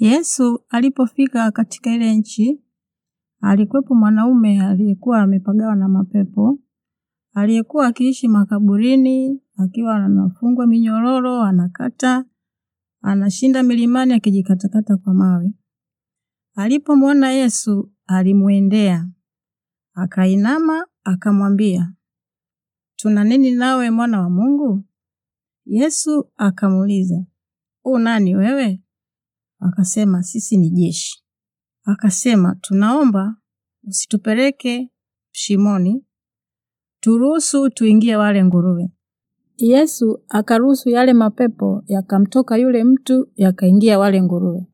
Yesu alipofika katika ile nchi, alikuwepo mwanaume aliyekuwa amepagawa na mapepo, aliyekuwa akiishi makaburini, akiwa anafungwa minyororo, anakata, anashinda milimani akijikatakata kwa mawe. Alipomwona Yesu, alimwendea, akainama, akamwambia, tuna nini nawe, mwana wa Mungu? Yesu akamuuliza, u nani wewe? Akasema sisi ni jeshi. Akasema tunaomba usitupeleke shimoni, turuhusu tuingie wale nguruwe. Yesu akaruhusu yale mapepo yakamtoka yule mtu yakaingia wale nguruwe.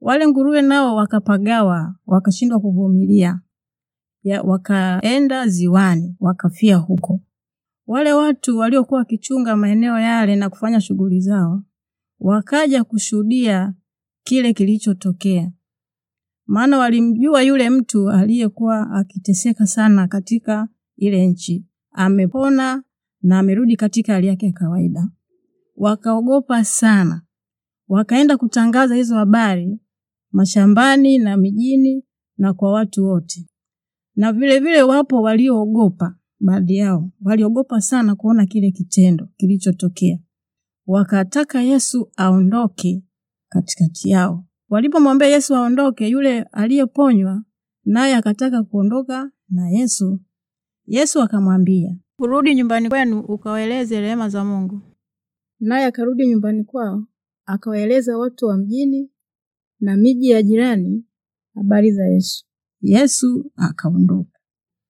Wale nguruwe nao wakapagawa, wakashindwa kuvumilia, wakaenda ziwani, wakafia huko. Wale watu waliokuwa wakichunga maeneo yale na kufanya shughuli zao wakaja kushuhudia kile kilichotokea, maana walimjua yule mtu aliyekuwa akiteseka sana katika ile nchi amepona na amerudi katika hali yake ya kawaida. Wakaogopa sana, wakaenda kutangaza hizo habari mashambani na mijini na kwa watu wote. Na vile vile wapo walioogopa, baadhi yao waliogopa sana kuona kile kitendo kilichotokea, wakataka Yesu aondoke katikati yao. Walipomwambia Yesu aondoke, yule aliyeponywa naye akataka kuondoka na Yesu. Yesu akamwambia, urudi nyumbani kwenu ukawaeleze rehema za Mungu. Naye akarudi nyumbani kwao akawaeleza watu wa mjini na miji ya jirani habari za Yesu. Yesu akaondoka.